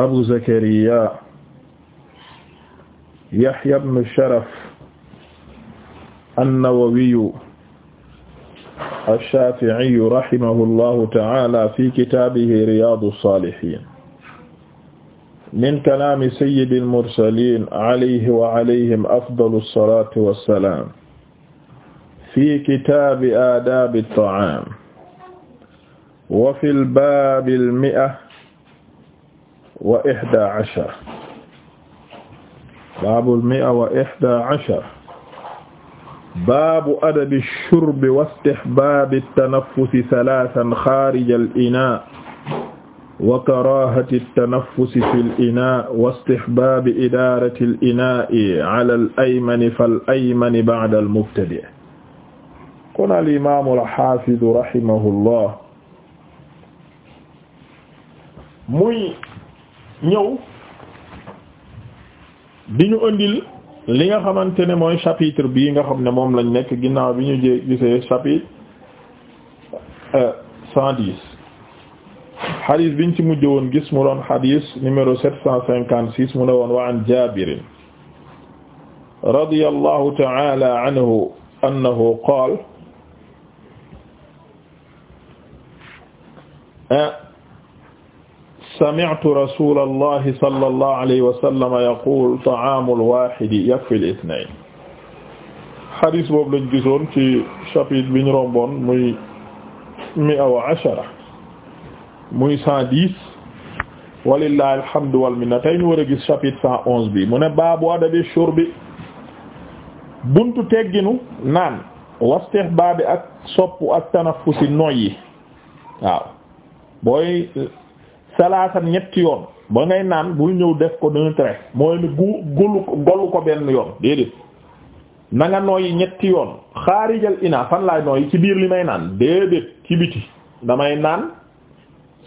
Abu Zakariya Yahya ibn Sharaf an-Nawawiyu ash-Shafi'iyu rahimahullahu ta'ala fi kitaabihi Riyaadu s-Saalihiin min kalaami sayyidil mursaliin alayhi wa alayhim afdalu s-salaatu wa s-salaam fi kitaabi aadaabi t-ta'aam wa fil baabil mi'a wa ihda ashar baabul mi'a wa ihda ashar baabu adabi shurbi wa istihbaabi tanaffusi salaasan xaarijal inaa wa karaahati tanaffusi fil inaa wa istihbaabi idaaratil inaa'i alal aymani fal aymani ba'dal mubtadi' kon al imaamul haafidu rahimahullah muy ñëw di ñu indil li nga xamante ne mooy chapitre bi nga xam ne moom lañ nekk ginnaaw bi ñu jee gisee chapitre euh, cent dix xadis biñ ci mujj woon gis mu doon xadis numéro sept cent cinquante six mu ne woon wa an jabirin radiyallahu ta'ala anhu annahu qaala ah, sami'tu rasulallahi sallallahu alayhi wa sallam yaqul ta'amul wahidi yakfil ithnayn xadis boobu lañ gisoon ci chapitre bi ñu romboon muy mi'a wa ashara muy cent dix walillahi alhamdu wal minna tey ñu war a gis chapitre cent onze bi mu ne baabu adabi shurbi buntu tegginu naan wastihbaabi ak sopp ak tanafusi noyyi waaw booy salaasan ñetti yoon ba ngay naan bul ñëw def ko d'un trait mooy gu golu golu ko benn yoon déedéet na nga nooyi ñetti yoon xaarijal ina fan laay nooyi ci biir li may naan déedéet ci biti damay naan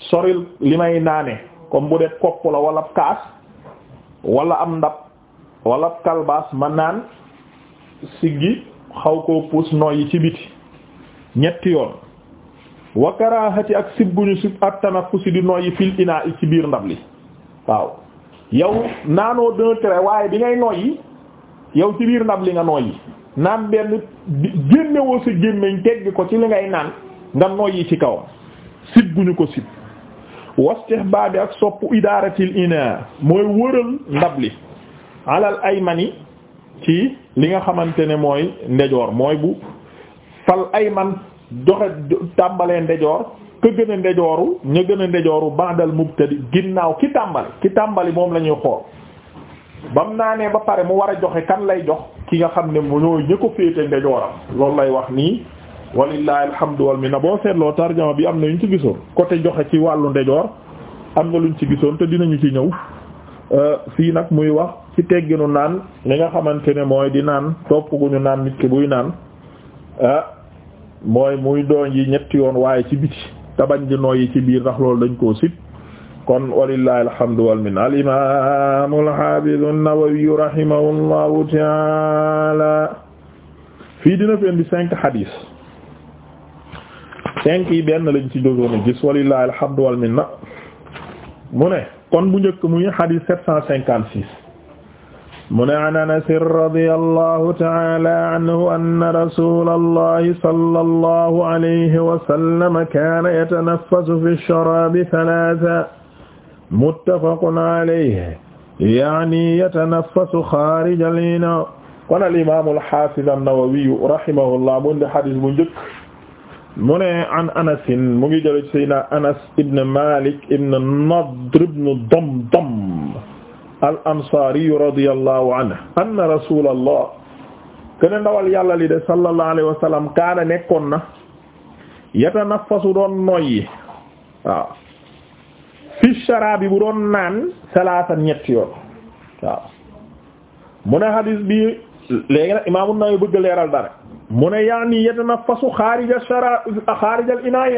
soril li may naane comme bu def kopp la walla kaas wala am ndab walla kalbaas ma naan siggi xaw koo puus yi ci biti ñetti yoon wa karaahati ak sib guñu sib at-tanaffus di noyyi fil inaa i ci biir ndab li waaw yow naanoo d'un trait waaye bi ngay noyyi yow ci biir ndab li nga noyyi naan benn génnewoo sa gémmiñ tegg ko ci li ngay naan nga noyyi ci kawam sib guñu ko sib wastihbaab ak sopp idaaratil inaa mooy wëral ndab li alal aymani ci li nga xamante ne mooy ndejoor mooy bu fal ayman joxe tàmbalee ndejoor ka gën a ndejooru ña gën a ndejooru bandal mubtadi ginnaaw ki tàmbali ki tàmbali moom la ñuy xool bam naanee ba pare mu war a joxe kan lay jox ki nga xam ne mu ñooy ñi ko féete ndejooram lool lay wax nii walillahi alhamdu wal minna boo seetloo tarjama bi am na yu ñu ci gisoon côté joxe ci wàllu ndejoor am na luñ ci gisoon te dinañu ci ñëw euh, fii nag muy wax ci tegginu naan li nga xamante ne mooy di naan topp gu ñu naan nit ki buy naan euh, mooy muy doon yi ñetti yoon waaye ci biti tabañ di nooyi ci biir ndax loolu dañ koo sib kon walillahi alhamdu wal minna al imam al hafiz fii dina fi indi cinq hadis cinq yi benn lañ ci jógoon a gis walillahi alhamdu wal mu ne kon bu njëkk muy hadis sept cent cinquante six mu ne an anasin radiyallahu ta'ala anhu anna rasulallahi sallallahu alayhi wa sallam kaana yatanaffasu fi sharabi thalatha muttafaqun alayhi yaani yatanaffasu xaarija al-ina kon al-imaam al-haafiz an-Nawawi rahimahullah mu ndi hadiis bu njëkk mu ne an Anas mu ngi jël ci Sayyidina Anas ibn Maalik ibn Nadr ibn Damdam al ansaari radiyallahu anhu anna rasulallah kene ndawal yàlla li de sallallahu alayhi wa sallam kaana nekkoon na yatanaffasu doon noyyi waaw fi sharaabi bu doon naan salaasa ñett yoon waaw mu ne hadis bi léegi nag imaamu Nawawi bëgg leeral dara mu ne yaani yatanaffasu xaarija sharaab xaarija al inaa'i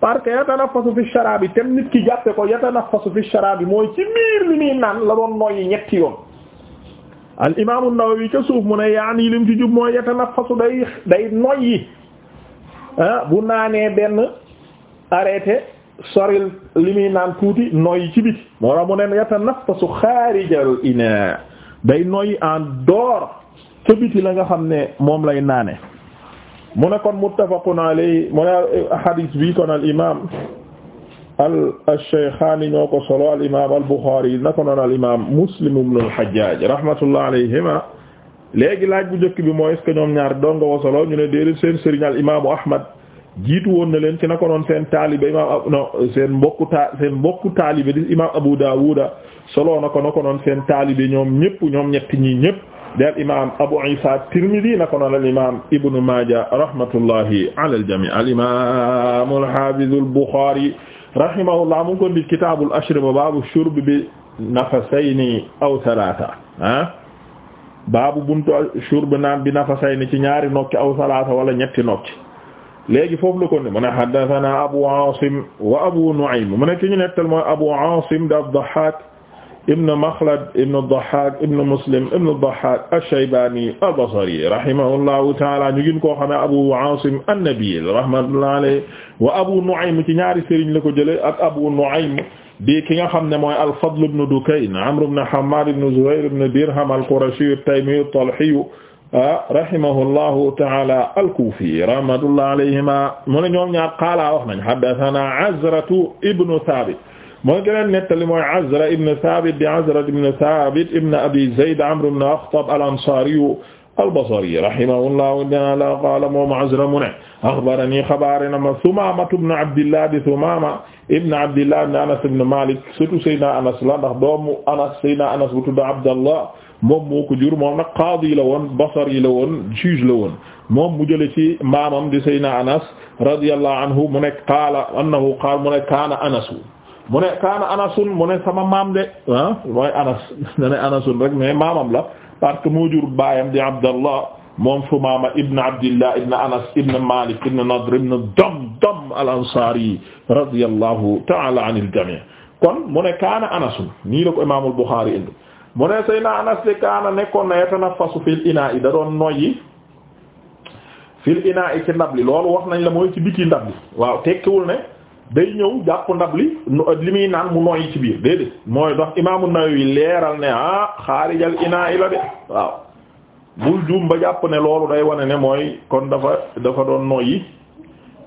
parce que yatanafasu fi sharabi tem nit ki jàppe ko yatanafasu fi sharabi mooy ci miir li muy naan la doon noyyi ñetti yoon al imam an-Nawawi ca suuf mu ne yaani lim ci jub mooy yatanafasu day day noyyi ah bu naanee benn arrêté soril li muy naan tuuti noyyi ci biti moo tax mu ne yatanafasu xaarijal ina day noyyi en dehors ca biti la nga xam ne moom lay naane mu kon muttafaqun alayhi mu ne hadis al al Shaykhaani ñoo ko solo al imaam al Buxaari na ko noon al imaam Muslim ibn Hajjaaj rahmatullah alayhima léegi laaj bu njëkk bi mooy est ñoom ñaar doon ko solo ñu ne déedéet seen sëriñ al imaamu Ahmad jiitu woon na leen ci na ko noon seen taalibe imaam mbokku ta seen mbokku taalibe Abu Daawuda solo na ko na noon seen taalibe ñoom ñëpp ñoom ñett ñi ñëpp. de al imaam Abu Isa Tirmidi na ko noon al imaam Ibn Maaja rahmatullahi ala al jamii al imaam al haafiz al Buxaari rahimahullah mu ngi ko di kitaabul ashriba baabu shurb bi nafasayni aw salaasa ah baabu buntu shurb naan bi nafasayni ci ñaari nokki aw salaasa wala ñetti nokki léegi foofu la ko ne mu ne haddasanaa Abu Aasim wa Abu Nu'aym mu ne ki ñu nettal mooy Abu Aasim da Dahhaak ibn Makhlad ibn Dahhak ibn Muslim ibn Dahhak ash-Shaybani al-Basri rahimahullahu ta'ala ñu gën koo xam ne Abu Asim an-Nabil rahmatullahi alayhi wa Abu Nu'aym ci ñaari sëriñ la ko jëlee ak Abu Nu'aym di ki nga xam ne mooy al-Fadl ibn Dukayn Amr ibn Hammad ibn Zuhayr ibn Dirham al-Qurashi at-Taymi at-Talhi ah, rahimahullahu ta'ala al-Kufi rahmatullahi alayhima mu ne ñoom ñaar qaala wax nañ haddathana Azratu ibn Thabit mooy gëneen nettali mooy Azra ibn Thabit di Azra ibn Thabit ibn Abi Zayd Amr ibn Akhtab al-Ansari al-Basri rahimahullahu ta'ala qala moom Azra mu ne akhbarani xabarana ma Thumama ibn Abdillah di Thumama ibn Abdillah ibn Anas ibn Malik surtout Seydina Anas la ndax doomu Anas Seydina Anas bu tudd Abdallah moom moo ko jur moom nag qaadi la woon Basri la woon juge la woon moom mu jële ci maamam di Seydina Anas radiyallahu anhu mu ne qaala annahu qaala mu ne kaana Anas mu ne kaana anasun mu ne sama maam de ah mooy anas ne anasun rek mais maamam la parce que moo jur baayam di abdallah moom Sumaama ibn abdillah ibn anas ibn malik ibn nadr ibn damdam al ansari radiyallahu ta'ala anil jami' kon mu ne kaana anasun nii la ko imaamul Bukhari indi mu ne sayna anas de kaana nekkoon na yatanaffasu fil inaa'i da doon noyyi fil inaa'i ci ndab nañ la mooy ci day ñëw jàpp ndab li euh, li muy naan mu nooy ci biir déedéet mooy dox imaamu Nawawi leeral ne ah xaarijal inaa ila de waaw bul juum ba jàpp ne loolu day wane ne mooy kon dafa dafa doon nooyi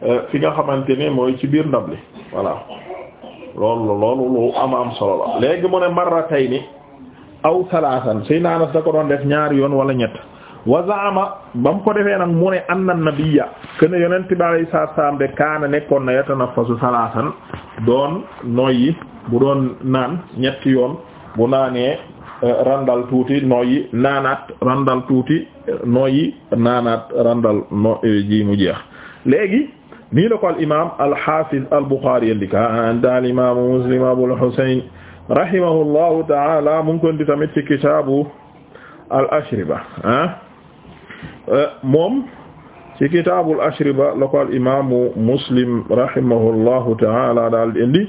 euh, fi nga xamante ni mooy ci biir ndab li voilà loolu lu am am solo la léegi mu ne marratayni aw salaasan Seydina Anas da ko doon def ñaari yoon wala ñett wa zaama ba mu ko defee nag mu anna nabiyya ken yonent bi alayhi salaam de kaana nekkoon na yatanaffasu salaasan doon noyyi bu doon naan ñetti yoon bu naanee eh, randal tuuti noyyi naanaat randal tuuti eh, noyyi naanaat randal eh, mu jeex léegi nii la ko al imaam al haafiz al buxaari indi kaana al imaam muslim abul husayn rahimahullahu ta'ala mu ngi ko tamit ci kitaabu al ashriba ah. Euh, moom ci kitaabul ashriba la ko al imaamu muslim rahimahullahu taala daal di indi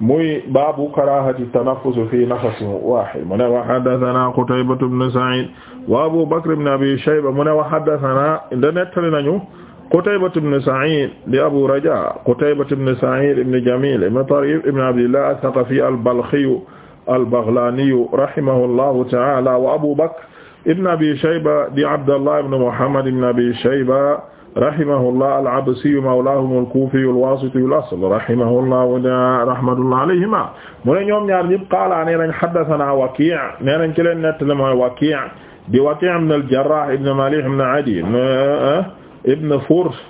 muy baabu karaahati tanaffus fi nafasin waahid mu ne wa haddathana qutaybatu ibn sa'id wa abu bakr ibn abi shayba mu ne wa haddathana nda nettali nañu qutaybatu ibn sa'id di abu raja qutaybatu ibn sa'id ibn jamil ibn tarif ibn abdillah ath-thaqafi al-balkhi al-baghlani rahimahullahu taala wa abu bakr ibn abi shayba di abdallah ibn muhammad ibn abi shayba rahimahullah al-absiyu mawlaahum al-kuufiyu al-waasitiyu al-asl rahimahullah rahmatullah alayhima mu ne ñoom ñaar ñëpp qaala nee nañ haddasanaa Wakii' nee nañ ci leen nettali mooy Wakii' di Wakii' ibn al-Jarraah ibn Maliih ibn Adiy eh, ibn Furs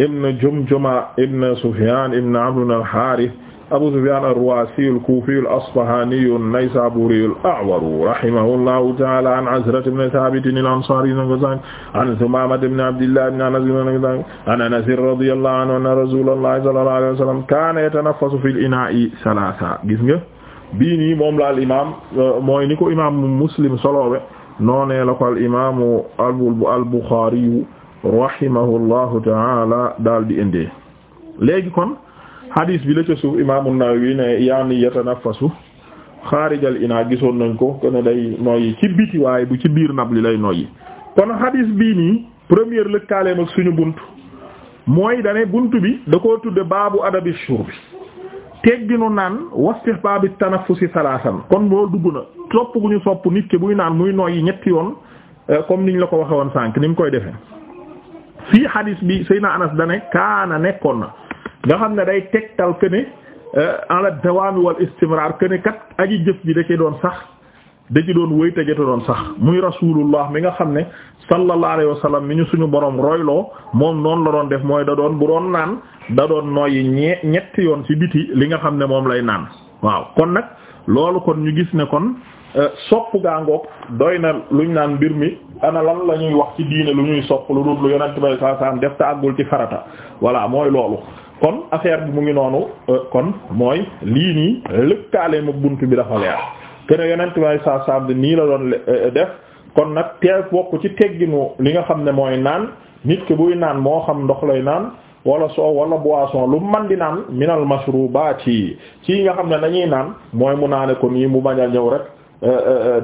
ibn Jumjuma ibn Sufyaan ibn Amr al-Haarith Abu Sufyan ar-Ruwasi al-Kufi al-Asfahani an-Naysaburi al-A'war rahimahullahu ta'ala an Azrata ibn Thabit al-Ansari an Thumama ibn Abdillah ibn Anas an Anas radiyallahu anhu anna Rasulullah sallallahu alayhi wa sallam kana yatanaffasu fil ina'i thalatha gis nga bii nii moom la al-imam euh, mooy ni ko imam Muslim soloowe noonee la ko al-imam al-Bukhari rahimahullahu ta'ala daal di indee léegi kon hadis bi la ca suuf imaam an-Nawawi ne yaani yatanaffasu xaarijal ina gisoon nañ ko kon day noyyi ci biti waaye bu ci biir nab li lay noyyi kon hadis bii nii première lëkkaaleem ak suñu bunt mooy dane bunt bi da ko tudde baabu adabi shurbi tegginu naan wastihbaabi tanaffusi salaasan kon loolu dugg na sopp gu ñu sopp nit ki buy naan muy noyyi ñetti yoon eh, comme niñ la ko waxe woon sànq ni mu koy defee fii hadis bi na Anas dane kaana nekkoon na nga xam ne day tegtal que ne ala euh, dawaami wal istimrar que ne kat aji jëf ji da ci doon sax da ci doon wéy tajata doon sax muy rasulullah mi nga xam ne sallallahu alayhi wa sallam mi ñu suñu borom royloo moom noonu la doon def mooy da doon bu doon naan da doon noyyi ñe ñetti yoon ci biti li nga xam ne moom lay naan waaw kon nag loolu kon ñu gis ne kon euh, sopp gaangoog doy na luñ naan mbir mi ana lan la ñuy wax ci diine lu ñuy sopp lu dul lu yonent bay saa saam def ci farata voilà mooy loolu kon affaire bi mu ngi noonu euh, kon mooy lii nii lëkkaale ma bunt bi dafa leer kene yonent may sa sabd nii la doon euh, euh, def kon nag teel bokk ci tegginu li nga xam ne mooy naan nit ki buy naan moo xam ndox lay naan wala soow wala boisson lu man di naan minal mashrubati ci yi nga xam ne lañuy naan mooy mu naane ko nii mu bañ a ñëw rek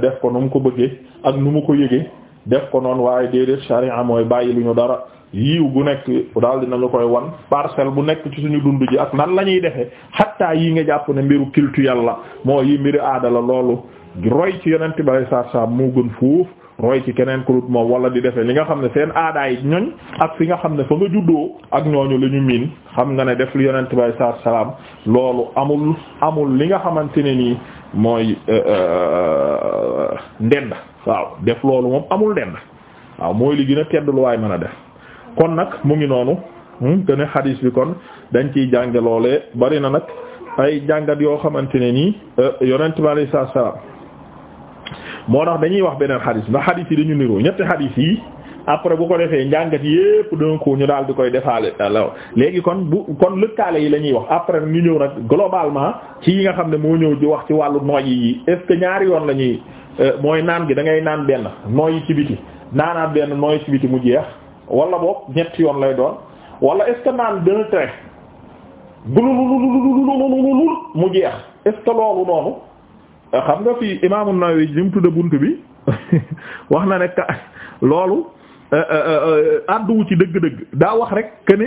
def ko nu mu ko bëggee ak nu mu ko yëgee def ko noonu waaye déedéet sharia mooy bàyyi lu ñu dara yiw bu nekk daal dina la koy wan parcelle bu nekk ci suñu dund ji ak nan la ñuy defee xattaa yi nga jàpp ne mbiru culturel la moo yi mbiru aadala la loolu roy ci yonent bi alay saatu salaam moo gën foofu roy ci keneen ku dul wala di defe li nga xam ne seen aadaay ñoñ ak fi nga xam ne fa nga juddoo ak ñooñu li miin xam nga ne def lu yonent bi saatu salaam loolu amul amul li nga xamante ne nii mooy euh, euh, euh, ndend waaw def loolu moom amul ndend waaw mooy li gën lu waay mën a def kon nag mu ngi noonu te hmm, ne xadiis bi kon dañ ciy jànge loole bari na nag ay jàngat yoo xamante ne nii euh, yonent bi alayhi salaam moo tax dañuy wax beneen xadiis ndax xadiis yi dañu niroo ñetti xadiis yi après bu ko defee njàngat yépp danga ñu daal di koy defaale alors léegi kon bu kon lëkkaale yi la ñuy wax après ñu ñëw nag globalement ci yi nga xam ne moo ñëw di wax ci wàllu noy yi est ñaari yoon la ñuy euh, mooy naan gi da ngay naan benn noyyi ci biti naanaat benn noyyi ci biti mu jeex. wala boog ñetti yoon lay doon wala est-ce que naan dana train gululululululululul mu jeex est-ce que loolu noonu xam nga fii Imaamu Nawawi li mu tudde bunt bi wax na ne ka loolu àdduwu ci dëgg-dëgg daa wax rek que ne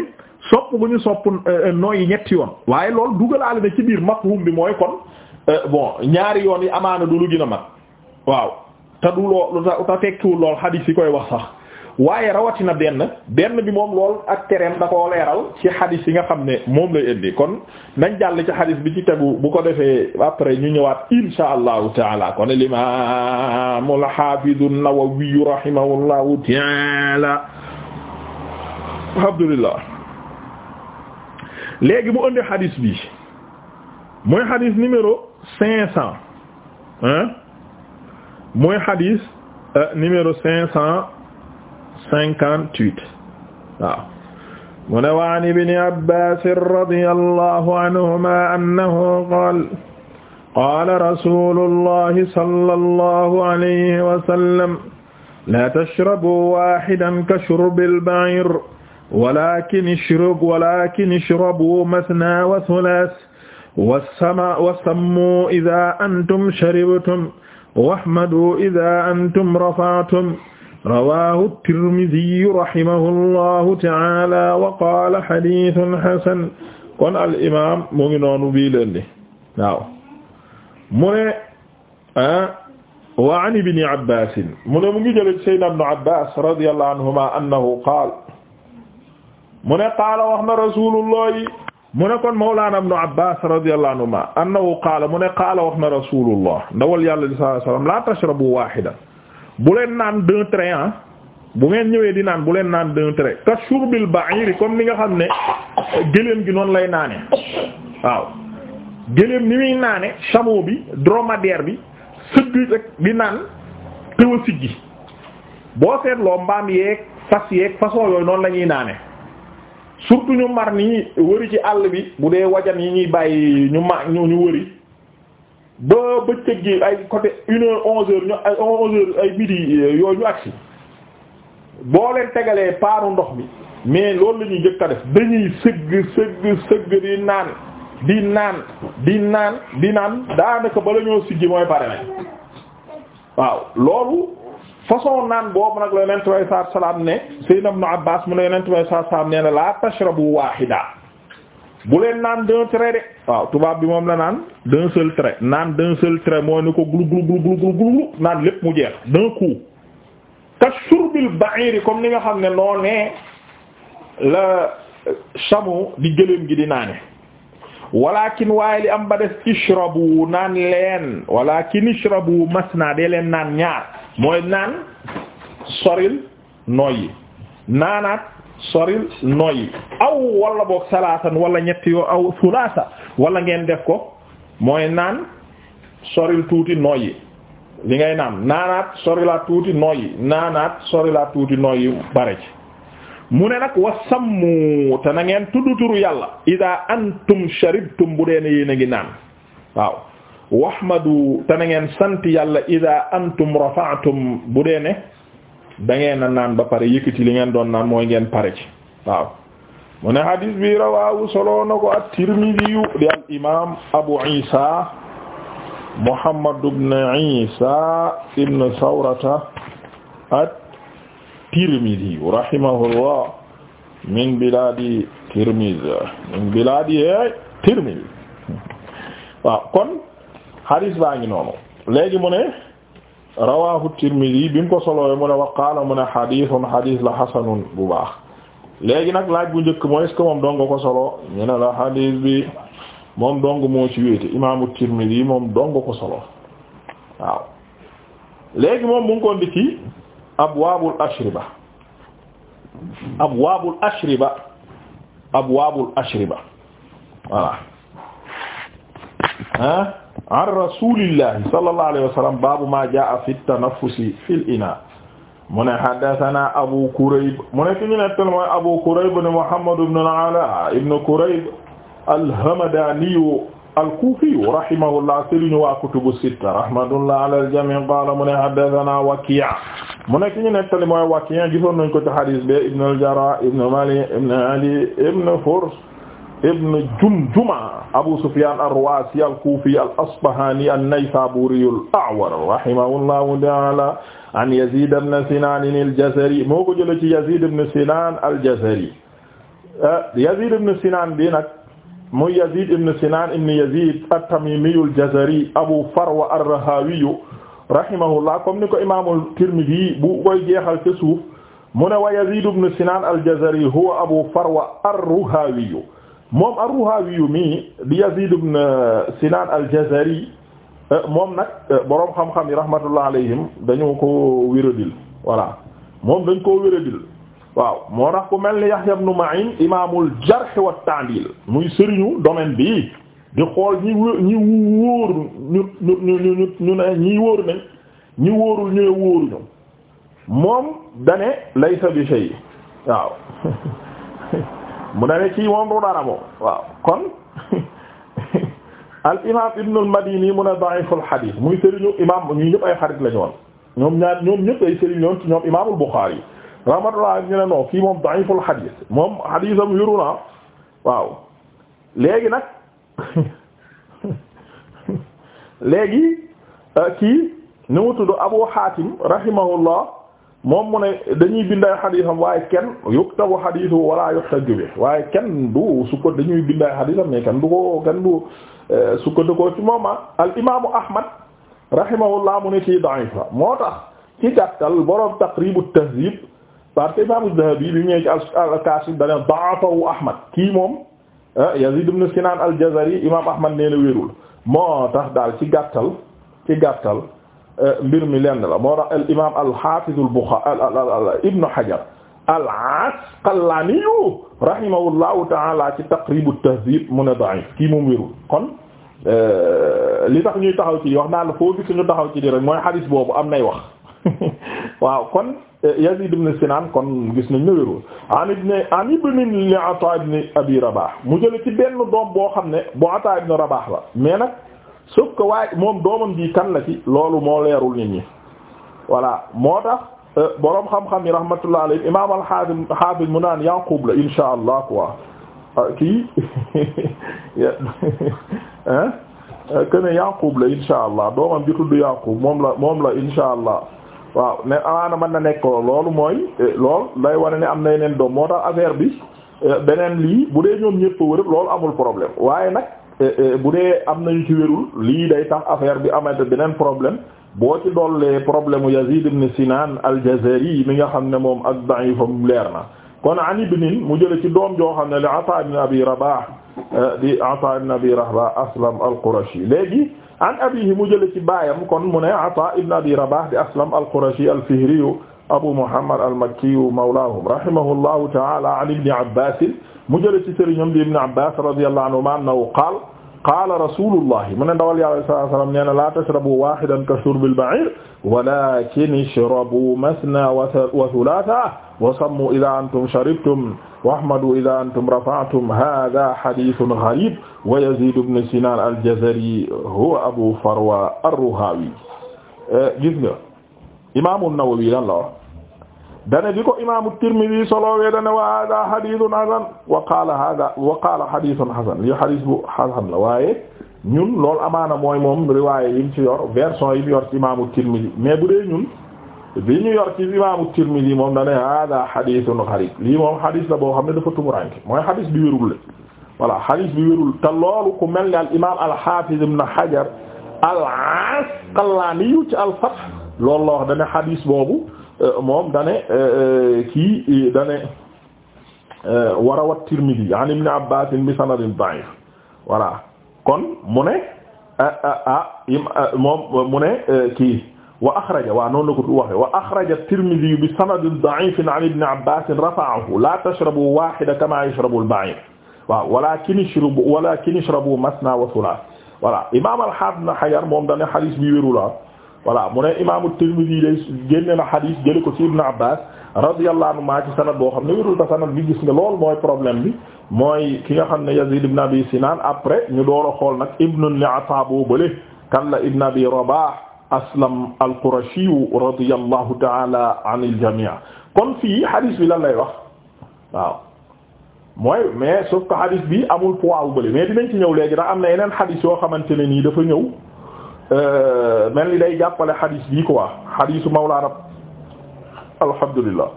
sopp bu ñu sopp nooyi ñetti yoon waaye loolu dugalaale na ci biir mafhum bi mooy kon bon ñaari yoon yi amaana du lu gën a mag waaw te du loolu te tekkiwul lool xadiis yi koy wax sax waaye rawatina benn benn bi moom lool ak tereem da koo leeral ci xadis yi nga xam ne moom lay indi kon nañ jàll ci xadis bi ci tegu bu ko defee après ñu ñëwaat insha allahu taala kon al imam al hafiz an-Nawawi rahimahullahu taala alhamdulillah léegi mu indi xadis bi mooy xadis numéro cinq cent hein mooy xadis euh, cinquante-huit waaw mu ne waan ibni abbasin radia allahu anhuma annahu qaal qaala rasulu allahi sala allahu alayhi wasallam laa tashrabuu waahidan ka shurbi al-ba'iir walaakin ishrab walaakin ishrabuu mathnaa wa thulaatha wasammuu idaa antum sharibtum wahmaduu idaa antum rafa'tum rawaahu tirmidi rahimahullahu ta'ala wa qaala hadiisun hasan kon al imaam mu ngi noonu bii leelli waaw mu ne ah, wa an ibni Abbaas mu ne mu ngi jële Sayyidina Ibnu Abbaas radiyallahu anhumaa annahu qaala mu ne qaala wax na Rasuulullahi mu ne kon Mawlaana Ibnu Abbaas radiyallahu anhumaa annahu qaala mu ne qaala wax na Rasuulullah ndawal Yàlla sallallahu alayhi wa sallam laa tashrabuu waahidan bu leen naan d'un trait ah. bu ngeen ñëwee di naan bu leen naan d'un trait ka shurbil ba'iri kon ni nga xam ne gëléem gi noonu lay naane waaw gëléem ni muy naane chameau bi dromadaire bi sëgg rek naan tëw a siggi boo seetloo mbaam yeeg fas yeeg façon yooyu noonu la ñuy naane surtout ñu mar ni wëri ci àll bi bu dee wajan yi ñuy bàyyi ñu ma ñu ñu wëri ba bëccëg gi ay côté une heure onze heures ay onze heures ay yooyu ñu agsi boo leen tegalee paaru ndox mi mais loolu lañuy ñuy jëkk a def dañuy sëgg sëgg sëgg di naan di naan di naan di naan daanaka ba la ñoo siggi mooy pare nañ waaw loolu façon naan boobu nag la yonent way salaam ne Sayyidna Ibn Abbas mu ne yonent way saat salaam nee laa tashrabu wahida bu leen naan d'un trait de waaw tubaab bi moom la naan d'un seul trait naan d'un seul trait mooy ni ko glu glu glu glu glu naan lépp mu jeex d'un ka surbil ba'iri comme ni nga xam ne noo nee la chameau di gëléem gi di naane walakin waaye li am ba des ishrabu naan leen walakin ishrabu masna dee leen naan ñaar mooy naan soril nooy yi naanaat soril nooy aw wala boog salaasan wala ñetti yoo aw sulaasa wala ngeen def ko mooy naan soril tuuti yi li ngay naan naanaat sorilaat tuuti noyyi naanaat sorilaat tuuti noyyi bare mu ne nag wasammu te na ngeen tudd turu yàlla ida antum tum bu deen yéen a ngi naan waaw wahmadu te ngeen sant yàlla ida antum rafa'tum bu deene da ngeen a naan ba pare yëkkati li ngeen doon naan mooy ngeen pare ci waaw mu ne hadis bi rawaahu soloo na ko at-Tirmidhi yu di al imam Abu Isa Muhammad ibn Isa ibn Sawrata at-Tirmidhi rahimahullah min biladi Tirmiz min biladi Tirmiz waaw kon hadis baa ngi noonu léegi mu ne rawahu tirmidi bi mu ko solowee mu ne wa qaala mu ne xadithun xadis la xasanun bu baax léegi nag laaj bu njëkk mooy est ce que moom dong ko solo ñu ne la xadis bi moom dong moo ci wéete imaamu tirmidi moom dong ko solo waaw léegi moom mu ngi ko indi ci abwaabul ashriba abwaabul ashriba abwaabul ashriba voilà ah an rasulillahi sallallahu alayhi wa sallam baabu ma jaa fi tanaffusi fil ina mu ne haddathana abu kurayb mu ne ki ñu nettal mooy abu kurayb ne muhammad ibn al-ala ibn kurayb al-hamadaniyu al-kufiyu rahimahullah sëriñu waa kutubu sitta rahmatullah ala al-jami' qala mu ne haddathana waki' mu ne ki ñu nettali mooy waki' gisoon nañ ko ci hadis bi ibn al-jarrah ibn mali ibn ali ibn furs ibn Jumjuma Abu Sufyan ar-Ruwasi al-Kufi al-Asbahani an-Naysaburi al-A'war rahimahullahu ta'ala an Yazid ibn Sinan al-Jazari moo ko jëlee ci Yazid ibn Sinan al-Jazari eh, Yazid ibn Sinan bi nag muy Yazid ibn Sinan ibn Yazid at-Tamimi al-Jazari Abu Farwa ar-Rahawi rahimahullah comme ni ko imaamul Tirmidhi bu koy jeexal ca suuf mu ne wa Yazid ibn Sinan al-Jazari huwa Abu Farwa ar-Rahawi moom ar-Ruhawi yu mi di Yazid ibn Sinan al-Jazari moom nag boroom xam-xam yi rahmatullah alayhim dañu ko wéradil voilà moom dañ ko wéradil waaw moo tax ku mel ni Yahya ibn Ma'in imaamul jarh wa ta'dil muy sëriñu domaine bi di xool ñi ñi wóor ñu ñu ñu ñu ñu ne ñi wóor nañ ñi wóorul ñu ne wóoruñu moom dane laysa bi shay waaw mu ne ne kii moom du dara moom waaw kon al imaam Ibn al-Madini mu ne da'iful hadith muy sëriñu imaam ñii ñëpp ay xarit la woon ñoom ñaar ñoom ñëpp ay sëriñ yoon ci ñoom imaamul Bukhari rahmatullah ñu ne non kii moom da'iful hadith moom haditham yuru na waaw léegi nag léegi kii nu mu tudd Abu Hatim rahimahullah moom mu ne dañuy bind ay xadiisam waaye kenn yuktabu xadiisu wala yuhtaju bi waaye kenn du su dañuy bind ay xadiisam mais kenn du ko kenn du euh, sukkandikoo ci moom ah. al imaamu Ahmad rahimahullah mu ne ci da'if moo tax ci gàttal borom taqribu tahzib parce que imaamu Zahabi bi ñëwee ci al-Kaashif da ne da'afahu Ahmad kii moom ah, Yazid ibn Sinan al-Jazari imaam Ahmad nee na moo tax daal ci gàttal ci gàttal. mbir mi lenn la moo tax al imaam al haafiz al Buxaari ibnu Hajar al Asqalaani rahimahullahu ta'ala ci Taqriib at-Tahziib mu ne da'if kii moom wérul kon euh, li tax ñuy taxaw ci wax naa la foo gis ñu taxaw ci di rek mooy xadis boobu am nay wax waaw kon Yazid ibn Sinan kon gis nañ ne wérul an ibn an ibn li Ata ibn Abi Rabah mu jële ci benn doom boo xam ne bu Ata ibn Rabah la mais nag sauf ko waaye moom doomam ji kan la ci loolu moo leerul nit ñi voilà moo tax euh, boroom xam-xam yi rahmatullah alayhi imam al-Hafiz mu naan Yaqub la insha allah quoi ah, kii kene euh, Yaqub la insha allah doomam ji tudd Yaqub moom la moom la insha allah waaw ne amaana mën na nekk loolu mooy euh, lool lay wane ne am na yeneen doom moo tax affaire bi beneen lii bu dee ñoom ñëpp wërëb loolu amul problème waaye nag bu dee am nañu ci wérul lii day tax affaire bi amata beneen problème boo ci dollee problème u Yazid ibn Sinan al-Jazari mi nga xam ne moom ak da'ifam leer na kon an ibnin mu jële ci doom joo xam ne li Ata ibn Abi Rabah eh, di Ata ibn Abi Rabah Aslam al-Qurashi léegi an abihi mu jële ci baayam kon mu ne Ata ibn Abi Rabah di Aslam al-Qurashi al-Fihri Abu Muhammad al-Makki mawlahum rahimahullahu ta'ala an ibni Abbas mu jële ci sëriñam di ibn abbas radiyallahu anhuma annahu qaal qaala rasulullahi mu ne ndawal yàlla sallallahu alayhi wasallam nee na la tashrabu wahidan ka shurbil ba'ir walakin ishrabu masna wa thulatha wa sammu idha antum sharibtum wahmadu idha antum rafa'tum hadha hadithun gharib wa yazid ibn sinan al-jazari huwa abu farwa ar-ruhawi eh, gis nga imam an-nawawi lan la wax dane di ko imaamu Tirmidi solowee dane wa hada hasan wa qaala hada wa qaala hadithun hasan li hadith bu hasan la waaye ñun loolu amaana mooy moom riwaaye yi mu ci yor version yi mu yor ci imaamu Tirmidi mais bu dee ñun bi ñu yor ci imaamu Tirmidi moom dane hada hadithun lii moom hadith la boo xam ne dafa tumuranke mooy hadith bi wérul la voilà hadith bi loolu ku mel ni al imaam al hafiz ibn Hajar al Asqalani yu ci al Fath loolu la dane hadith boobu Euh, moom dane euh, kii dane euh, warawat Tirmidhi an ibn Abbas bi sanadin da'if voilà kon mu ne ah moom mu ne kii wa axraja waaw noonu la ko waxee wa axraja Tirmidhi bi sanadin da'if an ibn Abbas rafa'ahu la tashrabu wahida kama yashrabu al-ba'ir waaw walakin ishrabu walakin ishrabu masna wa thulath voilà imam al-Hafiz Ibn Hajar moom dane hadith bi wérula voilà mu ne imaamu Tirmidhi day génne na xadiis jële ko ci Ibn Abbas radiyallahu anhu maa ci sanad boo xam ne wérul ta sanad bi gis nga lool mooy problème bi mooy ki nga xam ne Yazid ibn Abi Sinan après ñu door a xool nag ibnu ne boo bële kan la ibn Abi Rabah aslam al-Qurashi radiyallahu ta'ala anil jami' kon fii xadiis bi lan lay wax waaw mooy mais sauf que xadiis bi amul poids wu bële mais dinañ ci ñëw léegi ndax am na yeneen xadiis yoo xamante ne nii dafa ñëw Euh, mel ni day jàppale xadiis bii ko quoi xadiisu mawlaana alhamdulillah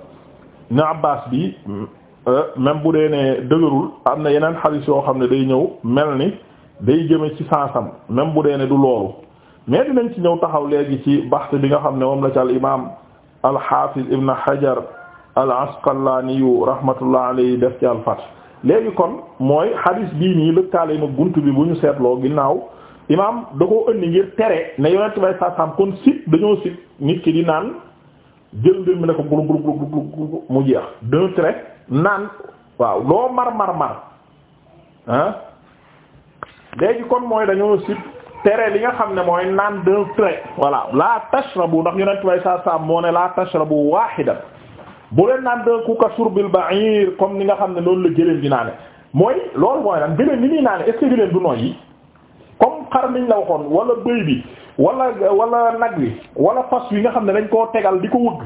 na Abbaas bi euh, même bu dee ne dëgërul am na yeneen xadiis yoo xam ne day ñëw mel ni day jëme ci sansam même bu dee ne du loolu mais dinañ ci ñëw taxaw léegi ci baxte bi nga xam ne moom la ci al imaam al xaafiz ibn Hajar al Asqalaaniyu rahmatullah alayhi def ci al Fath léegi kon mooy xadiis bii nii lëkkaale na bunt bi bu ñu seetloo ginnaaw. imaam da koo ëndi ngir tere ne yonent bay saasaam kon sit dañoo sit nit ki di naan jël mbir mi ne ko gulub gulub gulub mu jeex d'un naan waaw loo mar mar mar léegi kon mooy dañoo sit tere li nga xam ne mooy naan d'un trait voilà la tashrabu ndax yonent bay saasaam moo ne la tashrabu waahidan bu leen naan d'un coup ka shurbil ba'ir comme ni nga xam ne loolu la jëleen di naane mooy loolu mooy lan jëleen ni muy naane est-ce que jëleen du noyyi xar niñ la waxoon wala bëy bi wala wala nag wi wala fas wi nga xam ne dañ koo tegal di ko wëgg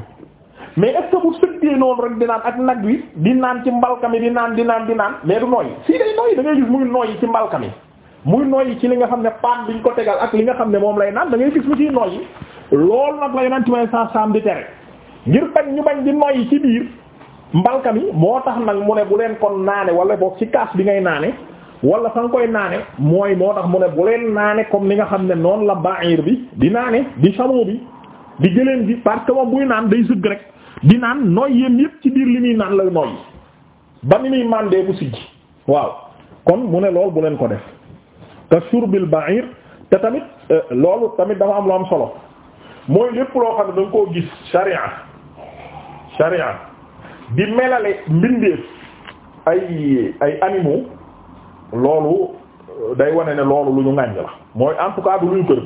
mais est-ce que sëggee noonu rek di naan ak nag wi di naan ci mbalka mi di naan di naan di naan mais du nooy sii day nooy da ngay gis muy nooy ci ci li nga xam ne paan biñ ko tegal ak li nga xam ne moom lay naan da ngay gis mu ciy nooy loolu nag lay naan ci may sa sam di tere ngir bañ ñu bañ di noyyi ci biir mbalka mi moo tax nag mu ne bu leen kon naane wala boog ci kaas bi ngay naane wala fa nga koy naane mooy moo tax mu ne bu leen naane comme ni nga xam ne noonu la ba'ir bi di naane di chameau bi di gëléem bi parce que moom buy naan day sëgg rek di naan nooy yéen yépp ci biir li muy naan la nooy ba ni muy mandee bu sigg waaw kon mu ne loolu bu leen ko def te shurbil ba'ir te tamit euh, loolu tamit dafa am lu am solo mooy lépp loo xam ne da koo gis sharia sharia di melale mbindeef ay ay animaux loolu day wane ne loolu lu ñu ŋàññ la mooy en tout cas du luñ kër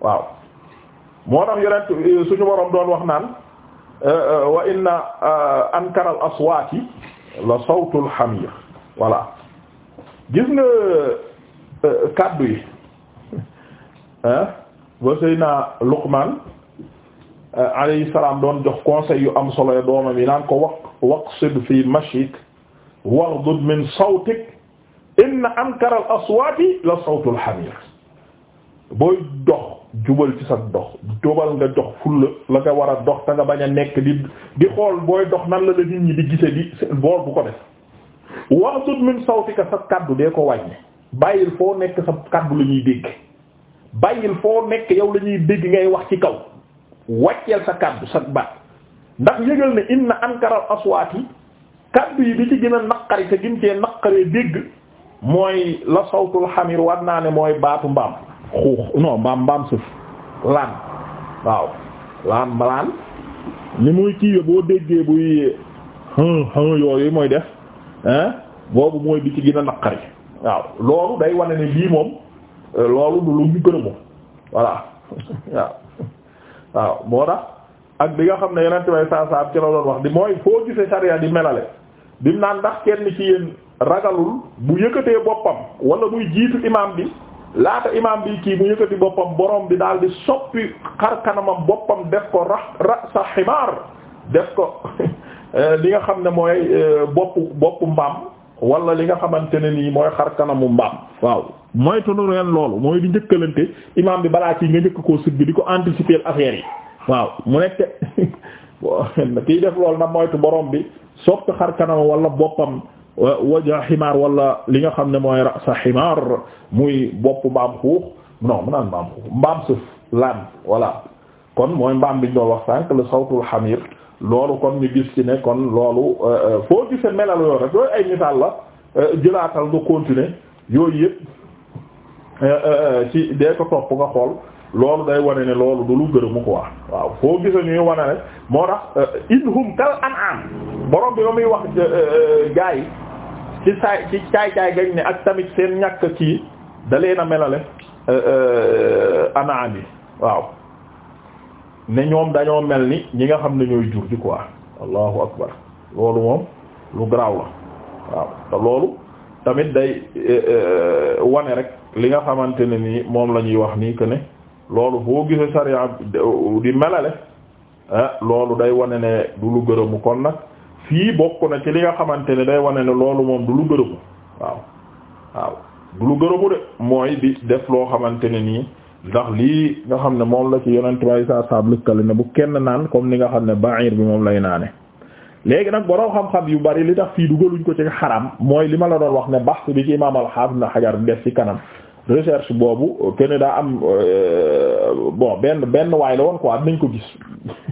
waaw moo tax yonent suñu borom doon wax naan euh, euh, wa inna euh, ankara al aswaati la sawtu al hamir gis nga kaddu yi ah ba Seydina Luqman alayhi salaam doon jox conseil yu am solo doomam yi naan ko waq waqsid fi mashik waghdud min sawtik inna ankara al aswaati la sawtul hamir booy dox jubal ci sa dox jubal nga dox fulla la nga war a dox te nga bañ a nekk di di xool booy dox nan la la nit ñi di gise bool bu ko def waxsut min sawtika sa kaddu dee ko wàññi bàyyil foo nekk sa kaddu la ñuy dégg bàyyil foo nekk yow la ñuy dégg ngay wax ci kaw wàcceel sa kaddu sa baat ndax yëgal ne inna ankara al aswaati kaddu yi di ci gën a naqari te gin naqaree dégg mooy la sawtul xamir war naa ne mooy baatu mbaam xuux non mbaam mbaam suuf laan waaw laan laan ni muy kiiwe boo déggee buy xan xan yooyu mooy def hein boobu mooy bi ci gën a naqari waaw loolu day wane ne lii moom loolu du lu ñu gën a waaw waaw moo tax ak bi nga xam ne yeneen may saa saa ci la doon wax di mooy foo gisee sariya di melale di naan ndax kenn ci yéen ragalul bu yëkkatee boppam wala muy jiitu imaam bi laata imaam bi kii mu yëkkati boppam borom bi daal di soppi xar kanamam boppam def ko ra ra sa ximaar def ko eh, li nga xam ne mooy boppu eh, boppu mbaam wala li nga xamante ne nii mooy xar kanamu mbaam waaw mooy tunu ren loolu mooy di njëkkalante imaam bi balaa kii nga njëkk koo bi di ko anticiper affaire yi waaw mu nekk kii def lool na moytu borom bi soppi xar kanamam wala boppam. waja ximaar wala li nga xam ne mooy rasa ximaar muy bopp mbaam xuux non mu naan mbaam xuux mbaam sëf laan voilà kon mooy mbaam biñ doon wax sànq le sawtul xamir loolu kon ñu gis ci ne kon loolu euh, euh, foo gisee melal yoo rek yooyu ay misaal la euh, jëlaatal nga continuer yooyu yëpp ci dee ko topp nga xool loolu day wane ne loolu du lu gërëmu quoi waaw foo gisa ñuy wane ne moo tax inhum kal an'am borom bi ba muy wax gaa yi ci saay ci caay-caay gañ ne ak tamit seen ñàkk kii da leen a melale euh, euh, anaan yi waaw ne ñoom dañoo mel ni ñi nga xam ne ñooy jur ji quoi allahu akbar loolu moom lu graaw la waaw te loolu tamit day euh, wane rek li nga xamante ne nii moom lañuy wax nii que ne loolu boo gisee sariya di melale ah loolu day wane ne du lu gërëmu kon nag fii bokk na ci li nga xamante ne day wane ne loolu moom du lu gërëmu waaw waaw du lu gërëmu de mooy di def loo xamante ne nii ndax lii nga xam ne moom la ci yonent may sa sable lëkkale ne bu kenn naan comme ni nga xam ne ba'ir bi moom lay naane léegi nag borom xam-xam yu bari li tax fii du dugaluñ ko ci xaram mooy li ma la doon wax ne baxs bi ci imam al-Hafiz na xajar bi def ci kanam recherche boobu kenn daa am euh, bon benn benn waay la woon am nañ ko gis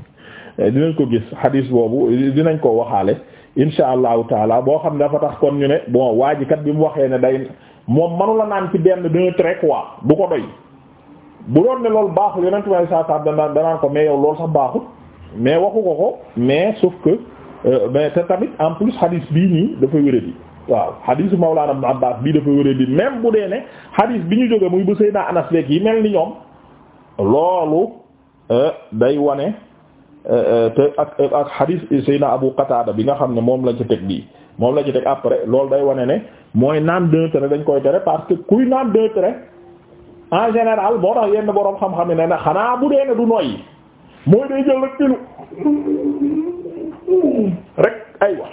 Eh, dinañ ko gis xadiis boobu dinañ ko waxaale insha allahu taala boo xam ne dafa tax kon ñu ne boo waa ji kat bi mu waxee ne day moom manula naan ci benn duñu très quoi du ko doy bu doon ne loolu baaxul yonent bi saa saa danaan danaan ko mais yow loolu sax baaxul mais waxu ko ko mais sauf que euh, mais te tamit en plus xadiis bii nii dafa wéradi waaw xadiisu Mawlaana Ibn baax bii dafa wéradi même bu dee ne xadiis bi ñu jóge muy bu Seydina Anas beeg yi mel ni ñoom loolu euh, Euh, euh, te ak euh, ak hadith Seydina Abu Qatada bi nga xam ne moom la ci teg bii moom la ci teg après loolu day wane ne mooy naan deux traits dañ koy tere parce que kuy naan deux traits en général moo yenn boroom xam-xam ne ne xanaa bu dee ne du noyyi mooy day jël rek tinu rek aywa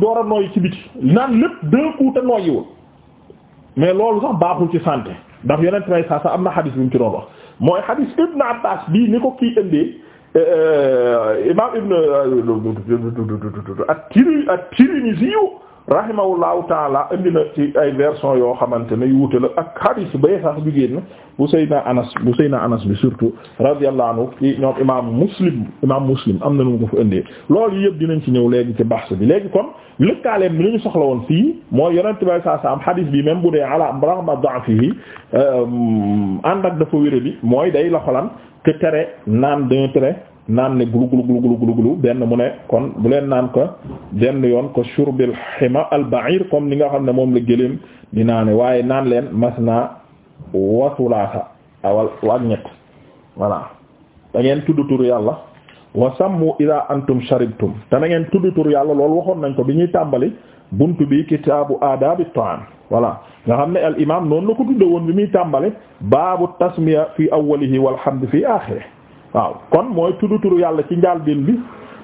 door a noyyi ci biti naan lépp deux coups te noyyiwul mais loolu sax baaxul ci santé ndax yeneen traits sax am na hadith bi mu ci doon wax. mooy hadis Ibn Abbas bii ni ko kii indee imaam Ibn at-Tirmidhi at-Tirmidhi rahimahullahu taala indi na ci ay version yoo xamante ne yu wute la ak hadis bay sax bi génn bu na Anas bu Seydina Anas bi surtout radiyallahu anhu ci ñoom imaamu Muslim imaamu Muslim am na nu mu ko fa indee loolu yëpp dinañ ci ñëw léegi ci bahs bi léegi kon lëkkaaleem bi li ñu soxla woon fii mooy yonent bay saa sa am hadis bi même bu dee ala raxma da'fihi euh, ànd ak dafa wéré bi mooy day la xolan te tere naan d'un trait naan ne glu glu glu glu benn mu ne kon bu leen naan ko benn yoon ko shurbil hima al ba'ir comme li nga xam ne moom la gëléem di naane waaye naan leen masna wasulaasa awal waag ñett voilà da ngeen tudd tur yàlla wa sammu ila antum sharibtum te na ngeen tudd tur yàlla lool waxoon nañ ko bi ñuy tàmbali buntu bi kitaabu aadaabi ta'am voilà nga xam ne al imam noonu la ko tudde woon bi muy tàmbali baabu tasmiya fi awwalihi walhamd fi aaxirihi waaw kon mooy tudd turu yàlla ci njàlbéen bi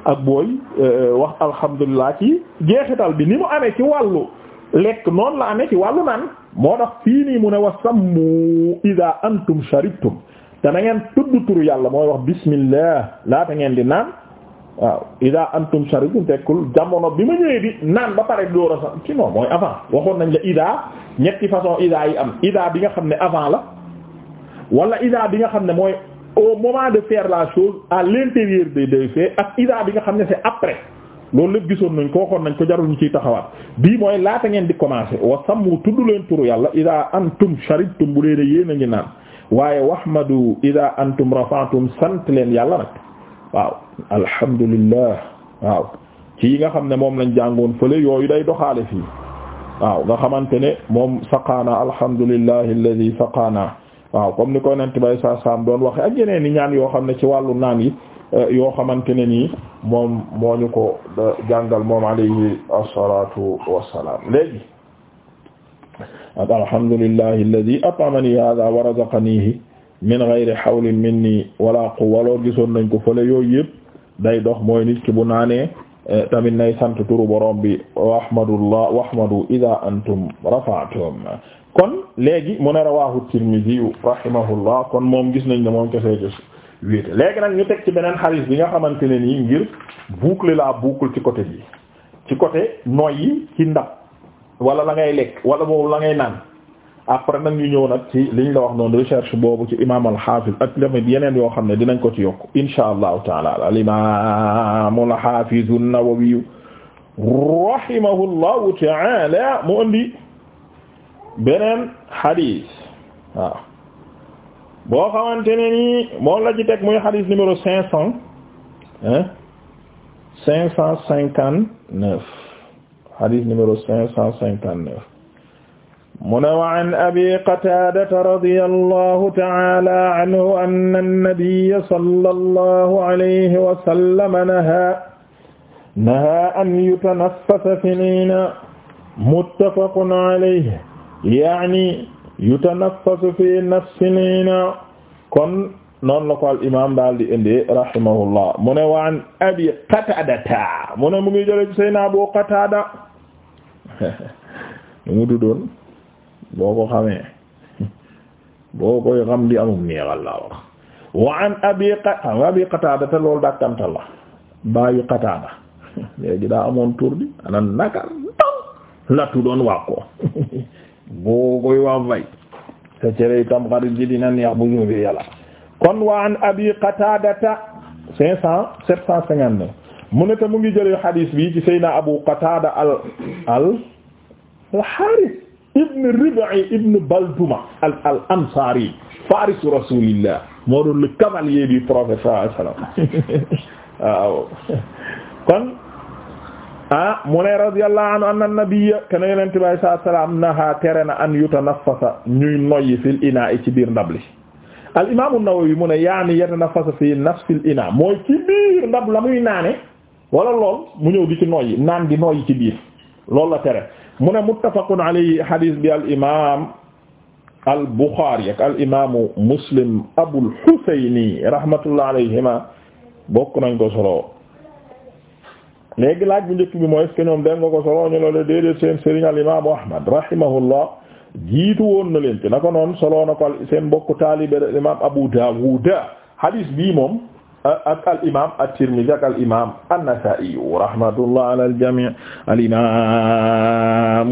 ak booy euh, wax alhamdulilah ci jeexital bi ni mu amee ci wàllu lekk noonu la amee ci wàllu naan moo tax fii nii mu ne wa sammu ida antum sharibtum te na ngeen tudd yàlla mooy wax bismillah laata ngeen di naan waaw ida antum sharibtum tekkul jamono bi ma ñëwee di naan ba pare door a sax ci non mooy avant waxoon nañ la ida ñetti façon ida yi am ida bi nga xam ne avant la wala ida bi nga au moment de faire la chose à l'intérieur des deux faits ak ida bi nga xam ne c'est après loolu lépp gisoon nañ ko waxoon nañ ko jarul ñu taxawaat bi mooy laata ngeen di commencer wa sammu tudd leen turu yàlla ida antum sharibtum bu dee yéen a ngi naan waaye wahmadu ida antum rafa'tum sant leen yàlla nag waaw alhamdulillah waaw ci yi nga xam ne moom lañ jàngoon fële yooyu day doxaale fii waaw nga xamante ne moom saqaana alhamdulillahi alladhi saqaana waaw comme ni koy nent bay sa sam doon waxe ak yeneen ni ñaan yoo xam ne ci wàllu naan yi eh, yoo xamante ne nii moom moo ñu ko eh, jàngal moom alayhi assalatu wassalaam léegi ak alhamdulillahi alladhi at'amani hadha wa razaqanihi min ghayri hawlin minni wala quwwa loolu gisoon nañ ko fële yooyu yëpp day dox mooy nit ki bu naanee eh, tamit nay sant turu borom bi wa ahmadullah wa ahmadu idha antum rafa'tum kon léegi mu ne rawahu Tirmidhi rahimahullah kon moom gis nañ ne moom kese gis wéete léegi nag ñu teg ci beneen xadiis bi nga xamante ne nii ngir boucler la boucle ci côté bi ci côté noy yi ci ndab wala la ngay lekk wala boobu la ngay naan après nag ñu ñëw nag ci liñ la wax noonu recherche boobu ci imaam al-Hafiz ak tamit yeneen yoo xam ne dinañ ko ci yokk insha allahu taala al-imaam al-Hafiz an-Nawawi rahimahullahu taala mu andi beneen xadis waaw boo xamante ne ni moom la ci teg muy xadis numéro cinq cent hein cinq cent cinquante neuf xadis numéro cinq cent cinquante neuf mu ne wa an abi qataadata radiya allahu taala anhu anna annabiyya sallallahu alayhi wa sallam nahaa nahaa an yutanaffasa fi nina muttafaqun alayhi yaani yutanaffasu fi nafsin kon noonu la al imam daal di indi rahimahullah mu ne waan abi qatadata mu ne mu ngi jële sayna abu qatada mu tuddoon boo ko xamee boo koy xam di amum neexal laa wax waan abi abi qatadata loolu dàkkantal la baayu qatada léegi daa amoon tur bi ana nakar la tuddoon waa boo koy wanvay te cerey tam xarit ji dina neex bu jóobee yàlla kon wa an abi qatadata cinq mu ne mu ngi jëlee xadiis bi ci seyna abu qatada al al al xaaris ibn rib'i ibn balduma al al ansari farisu rasulillah moo doon le cavalier du prophète sallallahu alayhi kon ah mu ne radiyallahu anhu anna nabiyya kana yonent bi sallallahu alayhi wasallam naha tere na an yutanaffasa ñuy noyyi fil inaa ci biir ndab li al imam an-Nawawi mu ne yaani yatanaffasa fi nafsil inaa mooy ci biir ndab la muy naane wala lool mu ñëw di ci noyyi naan di noyyi ci biir loolu la tere mu ne muttafaqun alayhi hadith bi al imam al Bukhari ak al imaamu Muslim Abul Husayni rahmatullah alayhima bokk nañ ko solo léegi laaj bu njëkk bi mooy est-ce que ñoom seen sëriñ al imaamu ahmad rahimahullah jiitu woon na leen ci naka noonu solo na ko seen mbokk taalibe imaam abu daawud hadis bii moom ak al imaam at-Tirmidhi ak al imaam an rahmatullah al imaam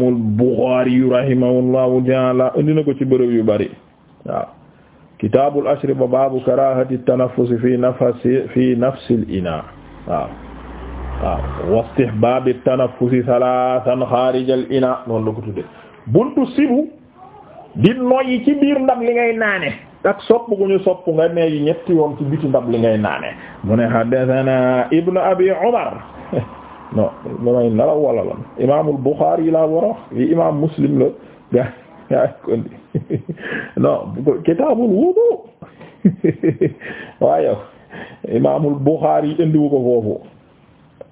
al-Bukhari rahimahullahu ta'ala indi na ko ci bërëb yu bari waaw kitaabul ashriba baabu karaahati at-tanaffus fi nafsi al-inaa waaw wastihbaabi tanaffusi salaasan xaarijal ina noonu la ko tudde buntu sibu di noyyi ci biir ndab li ngay naane ak sopp gu ñu sopp nga ne ñetti yoon ci biti ndab li ngay naane mu ne haddathana ibnu abi umar non damay nelaw wala lan imaamul buxaari yi laa wara i imaam muslim la gaa gaa kondi non kitaabul wudu waaye imaamul buxaari indiwu ko foofu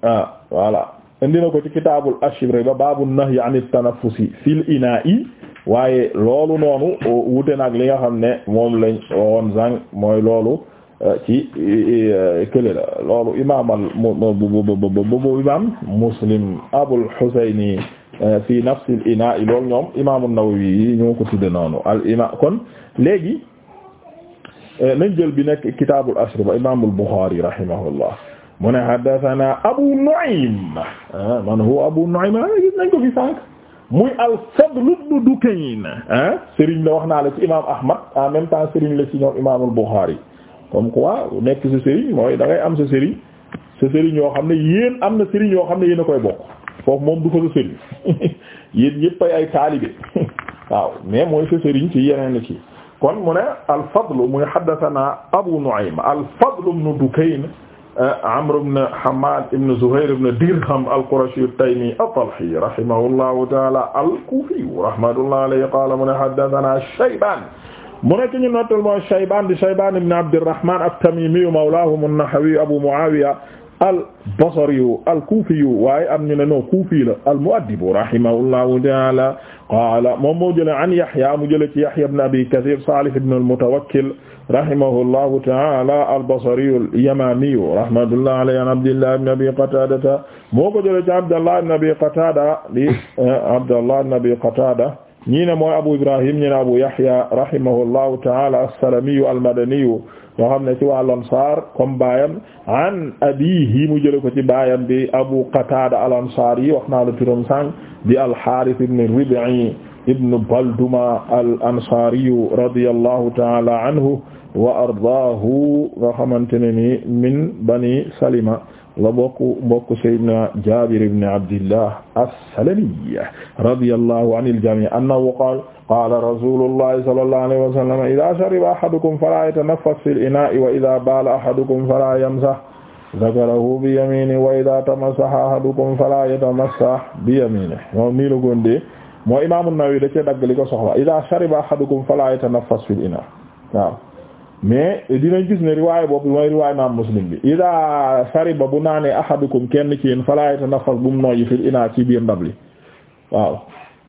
ah voilà ko ci kitaabul ashriba babu nahyi an at-tanaffusi fil inaa'i waaye loolu noonu wute nag li nga xam ne moom lañ woon zang mooy loolu eh, ci eh, eh, kële la loolu imam al bu imam muslim abul fi nafsi al inaa'i ñoom imam an-nawawi ñoo ko tudde noonu al ima kon léegi nañ jël bi nekk kitaabul ashriba imam al bukhari rahimahullah mu ne haddathana Abu Nu'aym ah, man huwa Abu Nu'aym ah gis nañ ko fi sànq muy al-Fadl ibn Dukayn ah, la wax naa la ci imaam Ahmad en même temps Serigne la ci ñoom imaamul Bukhari comme quoi nekk sa Serigne mooy da am sa Serigne sa Serigne yoo xam ne yéen am na Serigne yoo xam ne yéen a koy bokk foofu moom du fa sa Serigne yéen ñëpp ay ay waaw mais mooy sa Serigne ci yeneen ci kon mu ne al muy haddathana Abu Nu'aym al-Fadl ibn Amr ibn Hammad ibn Zuhayr ibn Dirham al-Qurashi at-Taymi at-Talhi rahimahullahu ta'ala al-Kufi rahmatullahi alayhi qala mu ne haddathana Shayban mu nekk ñu nottal mooy Shayban di Shayban ibn Abdirrahman at-Tamimi mawlahum an-Nahawi Abu Muawiya al-Basri al-Kufi waaye am ñu ne noo Kufi la al-Mu'addib rahimahullahu ta'ala qala moom moo jëlee an Yahya mu jëlee ci Yahya ibn Abi Kathir Salih ibn al-Mutawakkil rahimahullahu ta'ala al-Basriyu al-Yamaniyu rahmatullahi alayhi an Abdillah ibn Abi Qatada moo ko jëlee ci Abdallah ibn Abi Qatada di eh, Abdallah ibn Abi Qatada ñi ne mooy Abu Ibrahim ñi ne Abu Yahya rahimahullahu ta'ala as-Salamiyu al-Madaniyu yoo xam ne ci waa Ansaar comme baayam an abiihi mu jëlee ko ci baayam bi Abu Qatada al-Ansaari wax naa la turam sànq di al-Harith ibn Rib'i ibnu Balduma al ansaariyu radiyallahu taala anhu wa ardaahu nga xamante ne ni min bani Salima la bokk mbokk Seydina Jaabir ibn Abdillah as-Salami radiyallahu anil jamii annahu qaala qaala rasuulullahi sallallahu alayhi wa sallam idaa shariba ahadukum falaa yatanaffas fil inaa'i wa idaa baala ahadukum falaa yamsah zakarahu bi yamiinihi wa idaa tamassaha ahadukum falaa yatamassah bi yamiinihi moo Imaam An-Nawawi da cee dagg li ko soxla ida shariba falaa fala yatanaffas fil ina waaw mais dinañ gis ne riwaay boobu mooy riwaay Imaam Muslim bi ida shariba bu naanee ahadukum kenn ci yéen fala yatanaffas bu mu noyyi fil ina ci biir ndab li waaw